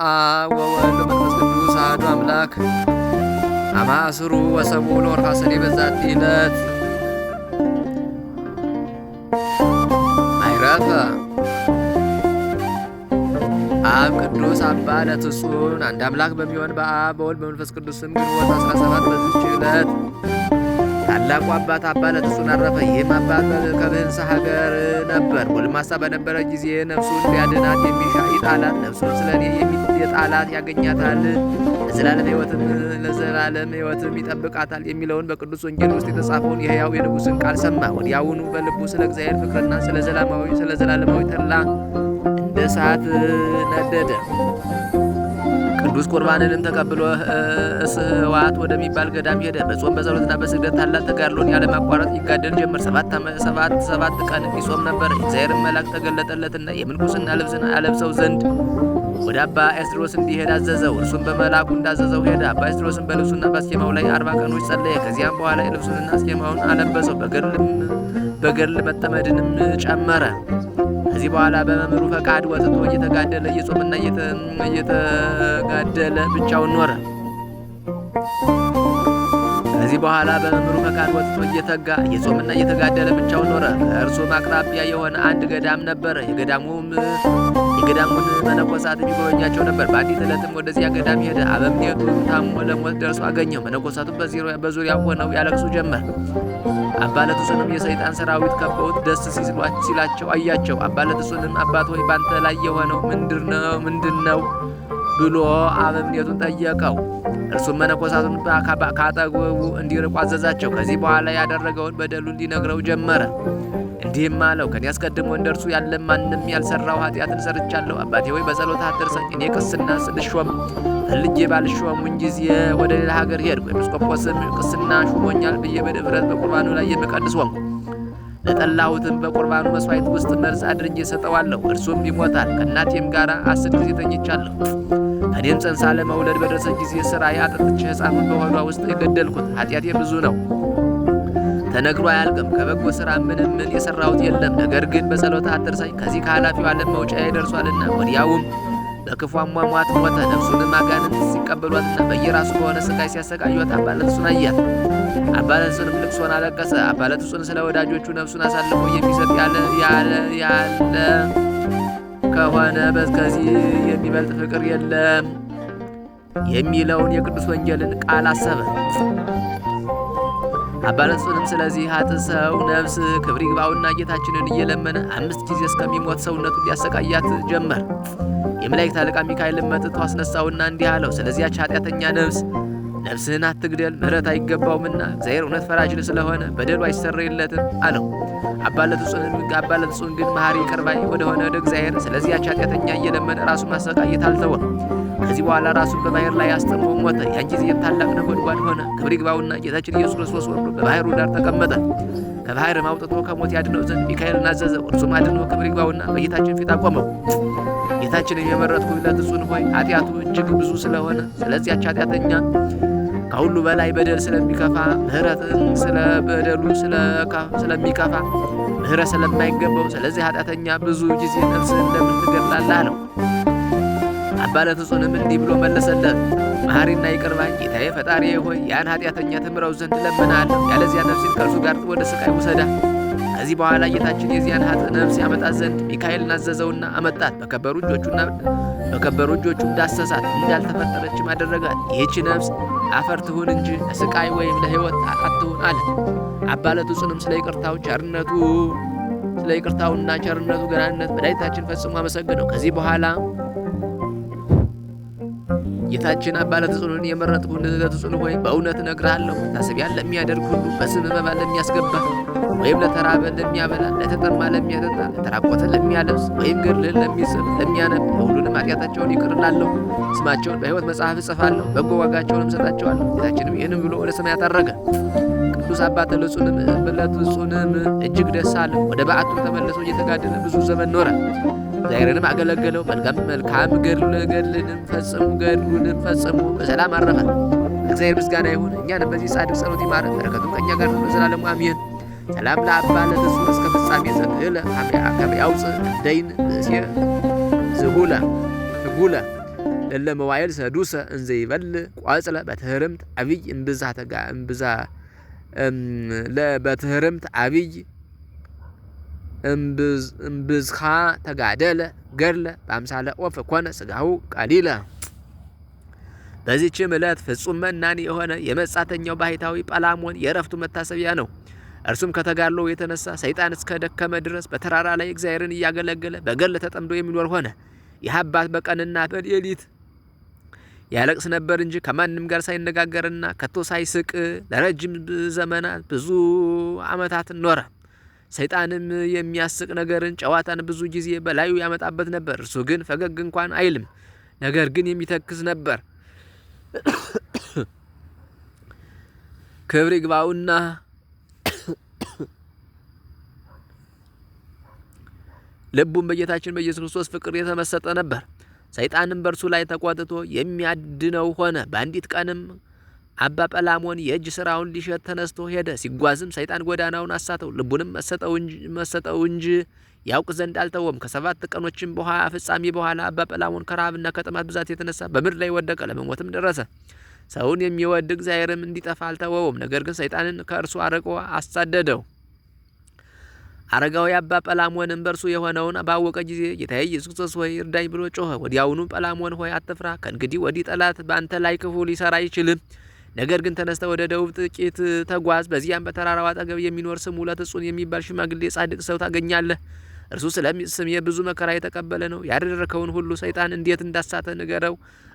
አብ ወወልድ ወመንፈስ ቅዱስ አሐዱ አምላክ አማስሩ ወሰቡ ለወርኃ ሰኔ በዛቲ ዕለት አይረፈ አብ ቅዱስ አባ ለትጹን አንድ አምላክ በሚሆን በአብ በወልድ በመንፈስ ቅዱስ ስም ግንቦት 17 በዚች ዕለት ታላቁ አባት አባ ለትጹን አረፈ። ይህም አባት ከብህንሳ ሀገር ነበር። ጎልማሳ በነበረ ጊዜ ነፍሱን ሊያድናት የሚሻ ይጣላት፣ ነፍሱን ስለ የጣላት ያገኛታል፣ ለዘላለም ህይወትም ይጠብቃታል የሚለውን በቅዱስ ወንጌል ውስጥ የተጻፈውን የህያው የንጉስን ቃል ሰማ። ወዲያውኑ በልቡ ስለ እግዚአብሔር ፍቅርና ስለ ዘላለማዊ ተላ እንደ እሳት ነደደ። ቅዱስ ቁርባንንም ተቀብሎ እስህዋት ወደሚባል ገዳም ሄደ። በጾም በጸሎትና በስግደት ታላቅ ተጋድሎን ያለማቋረጥ ይጋደል ጀመር። ሰባት ሰባት ቀን ይጾም ነበር። እግዚአብሔር መልአክ ተገለጠለትና የምንኩስና ልብስን አለብሰው ዘንድ ወደ አባ ኤስድሮስ እንዲሄድ አዘዘው። እርሱም በመልአኩ እንዳዘዘው ሄደ። አባ ኤስድሮስን በልብሱና በአስኬማው ላይ አርባ ቀኖች ጸለየ። ከዚያም በኋላ የልብሱንና አስኬማውን አለበሰው። በገድል መጠመድንም ጨመረ። ከዚህ በኋላ በመምህሩ ፈቃድ ወጥቶ እየተጋደለ እየጾመና እየተጋደለ ብቻውን ኖረ። ከዚህ በኋላ በመምህሩ ፈቃድ ወጥቶ እየተጋ እየጾምና እየተጋደለ ብቻውን ኖረ። ከእርሱም አቅራቢያ የሆነ አንድ ገዳም ነበረ። የገዳሙም የገዳሙን መነኮሳት የሚጎበኛቸው ነበር። በአንዲት ዕለትም ወደዚያ ገዳም ሄደ። አበምኔቱ ታሞ ለሞት ደርሶ አገኘው። መነኮሳቱ በዙሪያ ሆነው ያለቅሱ ጀመር። አባለትሱንም የሰይጣን ሰራዊት ከበውት ደስ ሲላቸው አያቸው። አባለትሱንም አባት ሆይ ባንተ ላይ የሆነው ምንድነው ምንድነው ብሎ አበምኔቱን ጠየቀው። እርሱም መነኮሳቱን ካጠገቡ እንዲርቁ አዘዛቸው። ከዚህ በኋላ ያደረገውን በደሉን ሊነግረው ጀመረ። እንዲህም አለው፣ ከኔ አስቀድሞ እንደ እርሱ ያለ ማንም ያልሰራው ኃጢአትን ሰርቻለሁ። አባቴ ሆይ በጸሎት አትርሳኝ። እኔ ቅስና ስልሾም ፈልጌ ባልሾም ጊዜ ወደ ሌላ ሀገር ሄድኩ። ኤጲስቆጶስም ቅስና ሹሞኛል ብዬ በድፍረት በቁርባኑ ላይ የምቀድስ ሆንኩ። ለጠላሁትም በቁርባኑ መስዋዕት ውስጥ መርዝ አድርጌ ሰጠዋለሁ፣ እርሱም ይሞታል። ከእናቴም ጋር አስር ጊዜ ተኝቻለሁ። እኔም ጸንሳ ለመውለድ በደረሰ ጊዜ ስራ አጠጥቼ ሕፃኑን በሆዷ ውስጥ የገደልኩት። ኃጢአቴ ብዙ ነው። ተነግሮ አያልቅም። ከበጎ ስራ ምንም ምን የሰራሁት የለም። ነገር ግን በጸሎት አትርሳኝ፣ ከዚህ ከኃላፊው ዓለም መውጫ ደርሷልና። ወዲያውም በክፉ አሟሟት ሞተ። ነፍሱንም አጋንንት ሲቀበሏትና በየራሱ በሆነ ስቃይ ሲያሰቃዩት አባ ዕለትሱን አያት። አባ ዕለትሱንም ልቅሶን አለቀሰ። አባ ስለ ወዳጆቹ ነፍሱን አሳልፎ የሚሰጥ ያለ ያለ ከሆነ በዚህ የሚበልጥ ፍቅር የለም የሚለውን የቅዱስ ወንጌልን ቃል አሰበ። አባለጽንም ስለዚህ ሀጥ ሰው ነፍስ ክብር ይግባውና ጌታችንን እየለመነ አምስት ጊዜ እስከሚሞት ሰውነቱ ሊያሰቃያት ጀመር። የመላእክት አለቃ ሚካኤልን መጥቶ አስነሳውና እንዲህ አለው፣ ስለዚያች ኃጢአተኛ ነፍስ ነፍስህን አትግደል፣ ምሕረት አይገባውምና እግዚአብሔር እውነት ፈራጅ ስለሆነ በደሉ አይሰረይለትም አለው። አባለጽን ግን መሐሪ ይቅር ባይ ወደሆነ ወደ እግዚአብሔር ስለዚያች ኃጢአተኛ እየለመነ ራሱን ማሰቃየት አልተወም። ከዚህ በኋላ ራሱን በባህር ላይ አስጥሞ ሞተ። ያን ጊዜ ታላቅ ነጎድጓድ ሆነ። ክብር ይግባውና ጌታችን ኢየሱስ ክርስቶስ ወርዶ በባህሩ ዳር ተቀመጠ። ከባህርም አውጥቶ ከሞት ያድነው ዘንድ ሚካኤልን አዘዘው። እርሱም አድነው። ክብር ይግባውና በጌታችን ፊት አቆመው። ጌታችንን የመረጥኩለት እሱን ሆይ ኃጢአቱ እጅግ ብዙ ስለሆነ ስለዚያች ኃጢአተኛ ከሁሉ በላይ በደል ስለሚከፋ ምሕረትን ስለ በደሉ ስለሚከፋ ምሕረት ስለማይገባው ስለዚህ ኃጢአተኛ ብዙ ጊዜ ነፍስህን እንደምትገድል ነው። አባ ለትጹንም እንዲህ ብሎ መለሰለት። መሐሪና ይቅር ባይ ጌታዬ ፈጣሪ ሆይ ያን ኃጢአተኛ ትምረው ዘንድ እለምንሃለሁ። ያለዚያ ነፍሴን ከእርሱ ጋር ወደ ስቃይ ውሰዳት። ከዚህ በኋላ ጌታችን የዚያን ሀጥ ነፍስ ያመጣት ዘንድ ሚካኤልን አዘዘውና አመጣት። በከበሩ እጆቹና በከበሩ እጆቹ እንዳሰሳት እንዳልተፈጠረችም አደረጋት። ይህች ነፍስ አፈር ትሁን እንጂ ለስቃይ ወይም ለሕይወት አትሁን አለ። አባ ለትጹንም ስለ ይቅርታው ቸርነቱ ስለ ይቅርታውና ቸርነቱ ገናንነት መድኃኒታችን ፈጽሞ አመሰግነው። ከዚህ በኋላ ጌታችን አባ የመረጥኩ የመረጥኩን ለተጽዕኖ ሆይ በእውነት እነግርሃለሁ፣ ታስቢያ ለሚያደርግ ሁሉ በስም መባ ለሚያስገባ ወይም ለተራበ ለሚያበላ፣ ለተጠማ ለሚያጠጣ፣ ለተራቆተ ለሚያለብስ ወይም ገድልህን ለሚጽፍ ለሚያነብ ሁሉንም ኃጢአታቸውን ይቅርላለሁ ስማቸውን በሕይወት መጽሐፍ እጽፋለሁ፣ በጎ ዋጋቸውንም እሰጣቸዋለሁ። ጌታችንም ይህንም ብሎ ወደ ሰማያት አረገ። ቅዱስ አባት ለጹንም ልጹንም እጅግ ደስ አለ። ወደ በዓቱ ተመልሶ እየተጋደለ ብዙ ዘመን ኖረ። እግዚአብሔርንም አገለገለው። መልካም መልካም ገድልንም ፈጽሙ ገድሉንም ፈጽሙ በሰላም አረፈ። እግዚአብሔር ምስጋና ይሁን። እኛንም በዚህ ጻድቅ ጸሎት ይማረን፣ በረከቱም ከእኛ ጋር ነው ለዘላለሙ አሜን። ሰላም ለአባ ለብዙ እስከ ፍጻሜ ዘክእለ አካባቢ ያውፅ ደይን ብእሴ ዝጉለ ህጉለ ለለ መዋይል ሰዱሰ እንዘ ይበል ቋጽለ በትህርምት አብይ እምብዛ በትህርምት አብይ እምብዝኻ ተጋደለ ገድለ በአምሳለ ወፍ ኮነ ስጋሁ ቀሊለ። በዚችም ዕለት ፍጹም መናኒ የሆነ የመጻተኛው ባህታዊ ጳላሞን የእረፍቱ መታሰቢያ ነው። እርሱም ከተጋድሎ የተነሳ ሰይጣን እስከ ደከመ ድረስ በተራራ ላይ እግዚአብሔርን እያገለገለ በገድል ተጠምዶ የሚኖር ሆነ። ይህ አባት በቀንና በሌሊት ያለቅስ ነበር እንጂ ከማንም ጋር ሳይነጋገርና ከቶ ሳይስቅ ለረጅም ዘመናት ብዙ ዓመታት ኖረ። ሰይጣንም የሚያስቅ ነገርን፣ ጨዋታን ብዙ ጊዜ በላዩ ያመጣበት ነበር። እርሱ ግን ፈገግ እንኳን አይልም፣ ነገር ግን የሚተክስ ነበር። ክብር ይግባውና ልቡን በጌታችን በኢየሱስ ክርስቶስ ፍቅር የተመሰጠ ነበር። ሰይጣንም በእርሱ ላይ ተቆጥቶ የሚያድነው ሆነ። በአንዲት ቀንም አባ ጰላሞን የእጅ ስራውን ሊሸጥ ተነስቶ ሄደ። ሲጓዝም ሰይጣን ጎዳናውን አሳተው፣ ልቡንም መሰጠው እንጂ ያውቅ ዘንድ አልተወም። ከሰባት ቀኖችም በኋላ ፍጻሜ በኋላ አባ ጰላሞን ከረሃብና ከጥማት ብዛት የተነሳ በምድር ላይ ወደቀ፣ ለመሞትም ደረሰ። ሰውን የሚወድ እግዚአብሔርም እንዲጠፋ አልተወውም። ነገር ግን ሰይጣንን ከእርሱ አርቆ አሳደደው። አረጋዊ አባ ጰላሞንም በእርሱ የሆነውን ባወቀ ጊዜ ጌታዬ ኢየሱስ ክርስቶስ ሆይ እርዳኝ ብሎ ጮኸ። ወዲያውኑ ጰላሞን ሆይ አትፍራ፣ ከእንግዲህ ወዲህ ጠላት በአንተ ላይ ክፉ ሊሰራ አይችልም ነገር ግን ተነስተ ወደ ደቡብ ጥቂት ተጓዝ። በዚያም በተራራው አጠገብ የሚኖር ስም ሁለት እጹን የሚባል ሽማግሌ ጻድቅ ሰው ታገኛለህ። እርሱ ስለሚስም የብዙ መከራ የተቀበለ ነው። ያደረከውን ሁሉ ሰይጣን እንዴት እንዳሳተ ንገረው፣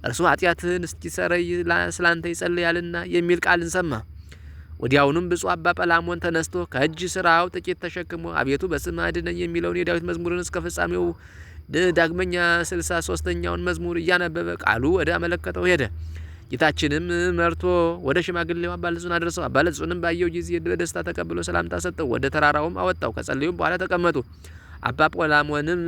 እርሱ ኃጢአትህን እስኪሰረይ ስላንተ ይጸልያልና የሚል ቃልን ሰማ። ወዲያውኑም ብፁዕ አባ ጰላሞን ተነስቶ ከእጅ ስራው ጥቂት ተሸክሞ አቤቱ በስም አድነኝ የሚለውን የዳዊት መዝሙርን እስከ ፍጻሜው ዳግመኛ ስልሳ ሶስተኛውን መዝሙር እያነበበ ቃሉ ወደ አመለከተው ሄደ። ጌታችንም መርቶ ወደ ሽማግሌው አባልጹን አድርሰው አባልጹንም ባየው ጊዜ በደስታ ተቀብሎ ሰላምታ ሰጠው። ወደ ተራራውም አወጣው። ከጸለዩም በኋላ ተቀመጡ። አባ ጳላሞንም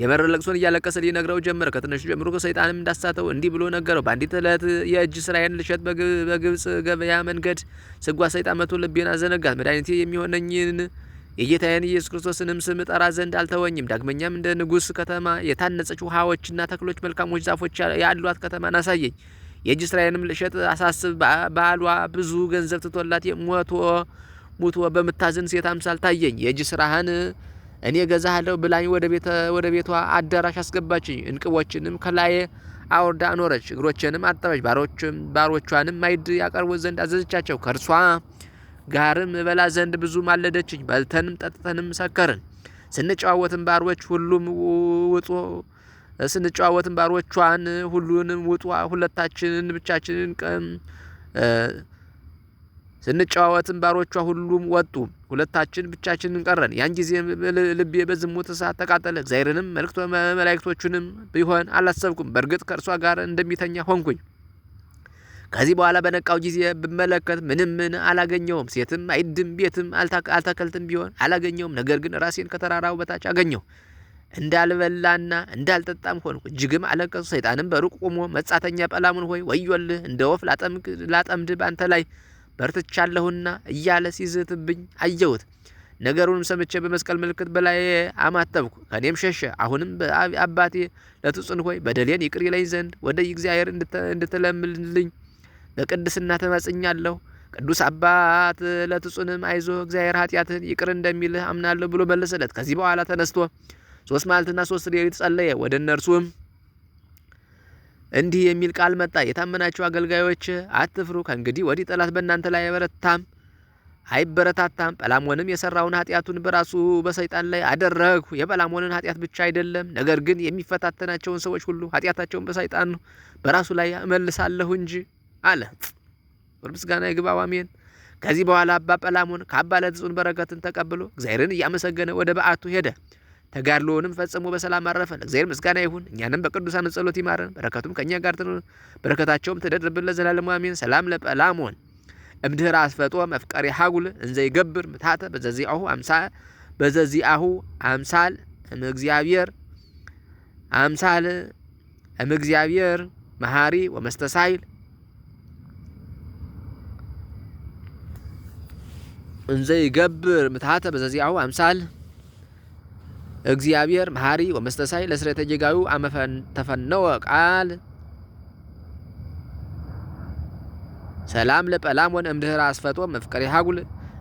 የመረር ለቅሶን እያለቀሰ ሊነግረው ጀመረ። ከትንሹ ጀምሮ ሰይጣንም እንዳሳተው እንዲህ ብሎ ነገረው። በአንዲት ዕለት የእጅ ስራዬን ልሸጥ በግብጽ ገበያ መንገድ ስጓ ሰይጣን መቶ ልቤን አዘነጋት። መድኃኒቴ የሚሆነኝን የጌታዬን ኢየሱስ ክርስቶስንም ስም ጠራ ዘንድ አልተወኝም። ዳግመኛም እንደ ንጉሥ ከተማ የታነጸች ውሃዎችና ተክሎች መልካሞች ዛፎች ያሏት ከተማን አሳየኝ። የእጅ ስራዬንም ልሸጥ አሳስብ። ባሏ ብዙ ገንዘብ ትቶላት ሞቶ ሙቶ በምታዝን ሴት አምሳል ታየኝ። የእጅ ስራህን እኔ ገዛሃለሁ ብላኝ ወደ ቤቷ አዳራሽ አስገባችኝ። እንቅቦችንም ከላይ አውርዳ አኖረች፣ እግሮቼንም አጠበች። ባሮቿንም ማይድ ያቀርቡ ዘንድ አዘዘቻቸው ከእርሷ ጋርም እበላ ዘንድ ብዙ ማለደችኝ። በልተንም ጠጥተንም ሰከርን። ስንጨዋወትን ባሮች ሁሉም ውጡ ስንጨዋወትም ባሮቿን ሁሉንም ውጡ ሁለታችንን ብቻችንን ቀን ስንጨዋወትም ባሮቿ ሁሉም ወጡ፣ ሁለታችን ብቻችንን ቀረን። ያን ጊዜ ልቤ በዝሙት እሳት ተቃጠለ። እግዚአብሔርንም መልእክቶ መላእክቶቹንም ቢሆን አላሰብኩም። በእርግጥ ከእርሷ ጋር እንደሚተኛ ሆንኩኝ። ከዚህ በኋላ በነቃው ጊዜ ብመለከት ምንም ምን አላገኘውም። ሴትም አይድም ቤትም አልተከልትም ቢሆን አላገኘውም። ነገር ግን ራሴን ከተራራው በታች አገኘው እንዳልበላና እንዳልጠጣም ሆንኩ። እጅግም አለቀሱ። ሰይጣንም በሩቅ ቆሞ መጻተኛ ጰላሞን ሆይ ወዮልህ፣ እንደ ወፍ ላጠምድ ባንተ ላይ በርትቻለሁና እያለ ሲዝትብኝ አየሁት። ነገሩንም ሰምቼ በመስቀል ምልክት በላይ አማተብኩ፣ ከኔም ሸሸ። አሁንም አባቴ ለትጹን ሆይ በደሌን ይቅር ይለኝ ዘንድ ወደ እግዚአብሔር እንድትለምልኝ በቅድስና ተማጽኛለሁ። ቅዱስ አባት ለትጹንም አይዞ እግዚአብሔር ኃጢአትን ይቅር እንደሚልህ አምናለሁ ብሎ መለሰለት። ከዚህ በኋላ ተነስቶ ሶስት መዓልትና ሶስት ሌሊት ጸለየ። ወደ እነርሱም እንዲህ የሚል ቃል መጣ። የታመናችሁ አገልጋዮች አትፍሩ። ከእንግዲህ ወዲህ ጠላት በእናንተ ላይ አይበረታም አይበረታታም። ጰላሞንም የሰራውን ኃጢአቱን በራሱ በሰይጣን ላይ አደረግሁ። የጰላሞንን ኃጢአት ብቻ አይደለም፣ ነገር ግን የሚፈታተናቸውን ሰዎች ሁሉ ኃጢአታቸውን በሰይጣን በራሱ ላይ እመልሳለሁ እንጂ አለ። ክብር ምስጋና ይግባው፣ አሜን። ከዚህ በኋላ አባ ጰላሞን ከአባ ለትጹን በረከትን ተቀብሎ እግዚአብሔርን እያመሰገነ ወደ በዓቱ ሄደ። ተጋድሎውንም ፈጽሞ በሰላም አረፈ። ለእግዚአብሔር ምስጋና ይሁን፣ እኛንም በቅዱሳን ጸሎት ይማረን፣ በረከቱም ከእኛ ጋር ትኑር፣ በረከታቸውም ትደርብን ለዘላለሙ አሜን። ሰላም ለጰላሞን እምድህር አስፈጦ መፍቀሪ ሀጉል እንዘ ይገብር ምታተ በዘዚአሁ አምሳል አሁ አምሳል እምእግዚአብሔር አምሳል እምእግዚአብሔር መሐሪ ወመስተሳይል እንዘይ ገብር ምትሃተ በዘዚአሁ አምሳል እግዚአብሔር መሐሪ ወመስተሳይ ለስሬተ አመፈን ተፈነወ ቃል ሰላም ወን እምድህር አስፈጦ መፍቀሪ ሀጉል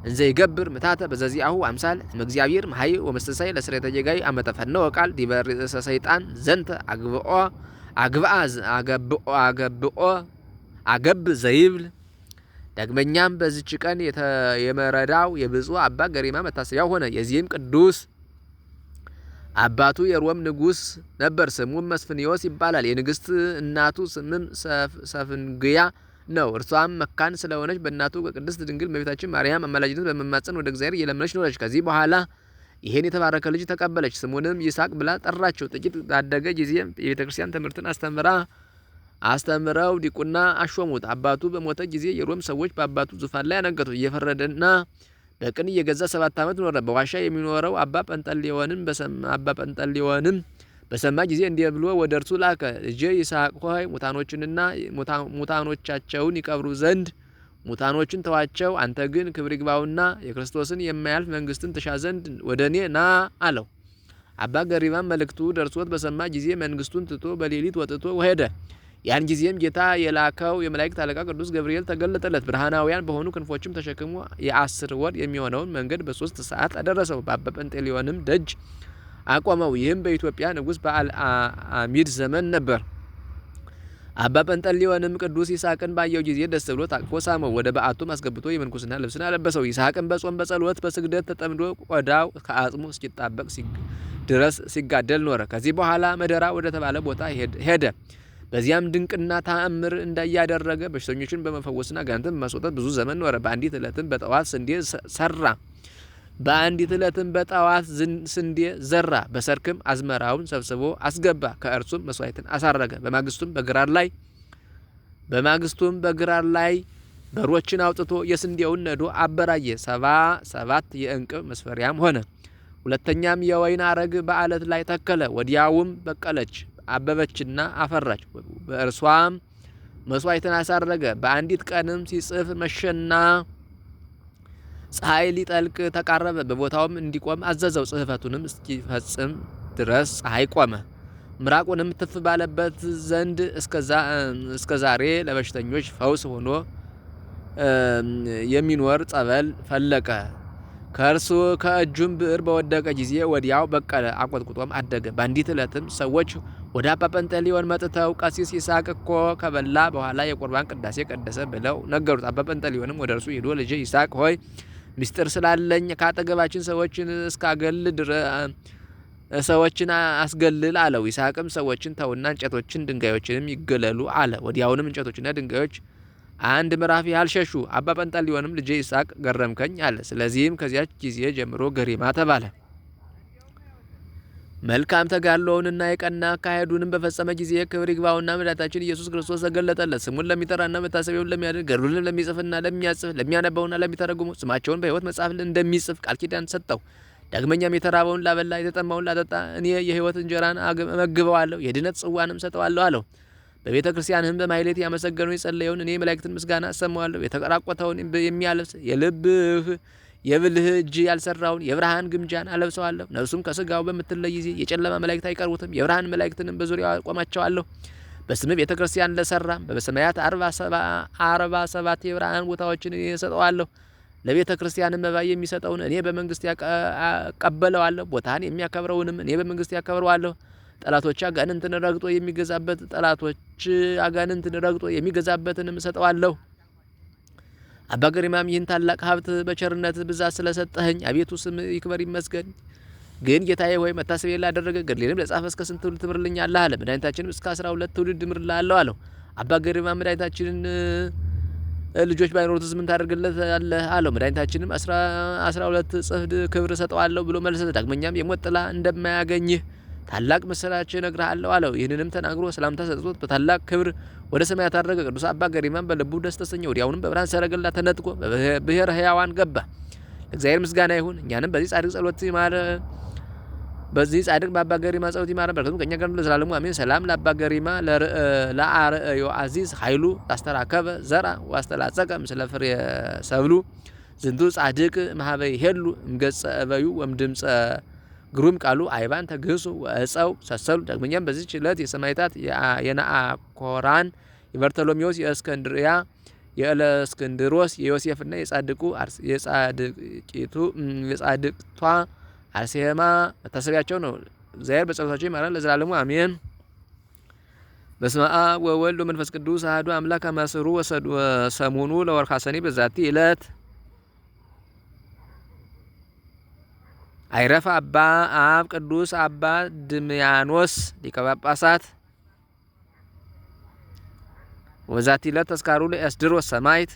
እንዘይ ገብር ምታተ በዘዚአሁ አምሳል እግዚአብሔር መሐይ ወመስተሳይ ለስሬተ ጌጋዩ አመተፈነወ ቃል ዲበር ርእሰ ሰይጣን ዘንተ አግብኦ አግብአ አገብኦ አገብ ዘይብል ዳግመኛም በዚች ቀን የመረዳው የብፁዕ አባ ገሪማ መታሰቢያው ሆነ። የዚህም ቅዱስ አባቱ የሮም ንጉስ ነበር። ስሙም መስፍንዮስ ይባላል። የንግስት እናቱ ስምም ሰፍንግያ ነው። እርሷም መካን ስለሆነች በእናቱ በቅድስት ድንግል በቤታችን ማርያም አማላጅነት በመማጸን ወደ እግዚአብሔር እየለመነች ኖረች። ከዚህ በኋላ ይሄን የተባረከ ልጅ ተቀበለች። ስሙንም ይስሐቅ ብላ ጠራችው። ጥቂት ባደገ ጊዜ የቤተ ክርስቲያን ትምህርትን አስተምራ አስተምረው ዲቁና አሾሙት። አባቱ በሞተ ጊዜ የሮም ሰዎች በአባቱ ዙፋን ላይ አነገቱት። እየፈረደና በቅን እየገዛ ሰባት ዓመት ኖረ። በዋሻ የሚኖረው አባ ጰንጠሌዎንም አባ ጰንጠሌዎንም በሰማ ጊዜ እንዲህ ብሎ ወደ እርሱ ላከ። ልጄ ይስሐቅ ሆይ ሙታኖችንና ሙታኖቻቸውን ይቀብሩ ዘንድ ሙታኖችን ተዋቸው፣ አንተ ግን ክብር ይግባውና የክርስቶስን የማያልፍ መንግስትን ትሻ ዘንድ ወደ እኔ ና አለው። አባ ገሪባ መልእክቱ ደርሶት በሰማ ጊዜ መንግስቱን ትቶ በሌሊት ወጥቶ ሄደ። ያን ጊዜም ጌታ የላከው የመላእክት አለቃ ቅዱስ ገብርኤል ተገለጠለት። ብርሃናውያን በሆኑ ክንፎችም ተሸክሞ የአስር ወር የሚሆነውን መንገድ በሶስት ሰዓት አደረሰው። በአባ ጴንጤሊዮንም ደጅ አቆመው። ይህም በኢትዮጵያ ንጉሥ አሚድ ዘመን ነበር። አባ ጴንጠሊዮንም ቅዱስ ይስሐቅን ባየው ጊዜ ደስ ብሎ ታቅፎ ሳመው። ወደ በዓቱም አስገብቶ የምንኩስና ልብስን አለበሰው። ይስሐቅን በጾም በጸሎት በስግደት ተጠምዶ ቆዳው ከአጽሙ እስኪጣበቅ ድረስ ሲጋደል ኖረ። ከዚህ በኋላ መደራ ወደ ተባለ ቦታ ሄደ። በዚያም ድንቅና ተአምር እንዳያደረገ በሽተኞችን በመፈወስና ጋንትን በማስወጣት ብዙ ዘመን ኖረ። በአንዲት ዕለትም በጠዋት ስንዴ ሰራ። በአንዲት ዕለትም በጠዋት ስንዴ ዘራ። በሰርክም አዝመራውን ሰብስቦ አስገባ። ከእርሱም መስዋዕትን አሳረገ። በማግስቱም በግራር ላይ በማግስቱም በግራር ላይ በሮችን አውጥቶ የስንዴውን ነዶ አበራየ። ሰባ ሰባት የእንቅብ መስፈሪያም ሆነ። ሁለተኛም የወይን አረግ በአለት ላይ ተከለ። ወዲያውም በቀለች። አበበችና አፈራች። በእርሷም መስዋዕትን አሳረገ። በአንዲት ቀንም ሲጽፍ መሸና ፀሐይ ሊጠልቅ ተቃረበ። በቦታውም እንዲቆም አዘዘው። ጽህፈቱንም እስኪፈጽም ድረስ ፀሐይ ቆመ። ምራቁንም ትፍ ባለበት ዘንድ እስከ ዛሬ ለበሽተኞች ፈውስ ሆኖ የሚኖር ጸበል ፈለቀ። ከእርሱ ከእጁም ብዕር በወደቀ ጊዜ ወዲያው በቀለ፣ አቆጥቁጦም አደገ። በአንዲት ዕለትም ሰዎች ወደ አባ ጴንጠሊዮን መጥተው ቀሲስ ይስሐቅ እኮ ከበላ በኋላ የቁርባን ቅዳሴ ቀደሰ ብለው ነገሩት። አባ ጴንጠሊዮንም ወደ እርሱ ሄዶ ልጅ ይስሐቅ ሆይ ምስጢር ስላለኝ ከአጠገባችን ሰዎችን እስካገል ሰዎችን አስገልል አለው። ይስሐቅም ሰዎችን ተውና እንጨቶችን ድንጋዮችንም ይገለሉ አለ። ወዲያውንም እንጨቶችና ድንጋዮች አንድ ምዕራፍ ያህል ሸሹ። አባ ጰንጠሌዎንም ልጄ ይስሐቅ ገረምከኝ አለ። ስለዚህም ከዚያች ጊዜ ጀምሮ ገሪማ ተባለ። መልካም ተጋድሎውንና የቀና አካሄዱንም በፈጸመ ጊዜ ክብር ይግባውና መድኃኒታችን ኢየሱስ ክርስቶስ ተገለጠለት። ስሙን ለሚጠራና መታሰቢያውን ለሚያደርግ ገድሉንም ለሚጽፍና ለሚያጽፍ ለሚያነባውና ለሚተረጉሙ ስማቸውን በሕይወት መጽሐፍ እንደሚጽፍ ቃል ኪዳን ሰጠው። ዳግመኛም የተራበውን ላበላ የተጠማውን ላጠጣ እኔ የሕይወት እንጀራን እመግበዋለሁ የድነት ጽዋንም ሰጠዋለሁ አለው። በቤተ ክርስቲያንህም በማሕሌት ያመሰገነውን የጸለየውን እኔ መላእክትን ምስጋና አሰማዋለሁ። የተራቆተውን የሚያለብስ የልብህ የብልህ እጅ ያልሰራውን የብርሃን ግምጃን አለብሰዋለሁ። ነፍሱም ከስጋው በምትለይ ጊዜ የጨለማ መላእክት አይቀርቡትም፣ የብርሃን መላእክትንም በዙሪያው አቆማቸዋለሁ። በስም ቤተ ክርስቲያን ለሰራ በሰማያት አርባ ሰባት የብርሃን ቦታዎችን እሰጠዋለሁ። ለቤተ ክርስቲያን መባ የሚሰጠውን እኔ በመንግስት ያቀበለዋለሁ። ቦታን የሚያከብረውንም እኔ በመንግስት ያከብረዋለሁ። ጠላቶች አጋንንትን ረግጦ የሚገዛበት ጠላቶች አጋንንትን ረግጦ የሚገዛበትንም እሰጠዋለሁ። አባ ገሪማም ይህን ታላቅ ሀብት በቸርነት ብዛት ስለሰጠኸኝ አቤቱ ስም ይክበር ይመስገን። ግን ጌታዬ ሆይ መታሰቢያ ላደረገ ገድሌንም ለጻፈ እስከ ስንት ትውልድ ትምርልኛለህ? አለ። መድኃኒታችንም እስከ አስራ ሁለት ትውልድ እምርልሃለሁ አለው። አባ ገሪማ መድኃኒታችንን ልጆች ባይኖሩትስ ምን አለ አለው። መድኃኒታችንም አስራ ሁለት ጽህድ ክብር እሰጠዋለሁ ብሎ መለሰ። ዳግመኛም የሞት ጥላ እንደማያገኝህ ታላቅ ምሥራች እነግርሃለሁ አለው። ይህንንም ተናግሮ ሰላምታ ሰጥቶት በታላቅ ክብር ወደ ሰማይ ያታረገ ቅዱስ አባ ገሪማን በልቡ ደስ ተሰኘ። ወዲያውኑም በብርሃን ሰረገላ ተነጥቆ በብሔር ህያዋን ገባ። ለእግዚአብሔር ምስጋና ይሁን። እኛንም በዚህ ጻድቅ ጸሎት ይማረ በዚህ ጻድቅ በአባ ገሪማ ጸሎት ይማረ። በረከቱም ከእኛ ጋር ለዘላለሙ አሜን። ሰላም ለአባ ገሪማ ለአርዮ አዚዝ ኃይሉ አስተራከበ ዘራ ዋስተላጸቀ ምስለ ፍሬ ሰብሉ ዝንቱ ጻድቅ ማህበይ ሄሉ እምገጸ እበዩ ወምድምፀ ግሩም ቃሉ አይባን ተግሱ ወእፀው ሰሰሉ። ዳግመኛም በዚች ዕለት የሰማይታት የነአኮራን፣ የበርተሎሜዎስ፣ የእስክንድርያ፣ የእለእስክንድሮስ፣ የዮሴፍና የጻድቁ የጻድቅቷ አርሴማ መታሰቢያቸው ነው። እግዚአብሔር በጸሎታቸው ይማራል ለዘላለሙ አሜን። በስመ አብ ወወልድ ወመንፈስ ቅዱስ አህዱ አምላክ አማስሩ ወሰሙኑ ለወርኃ ሰኔ በዛቲ ዕለት አይረፍ አባ አብ ቅዱስ አባ ድምያኖስ ሊቀ ጳጳሳት ወዛቲ ዕለት ተስካሩ ለእስድሮስ ሰማዕት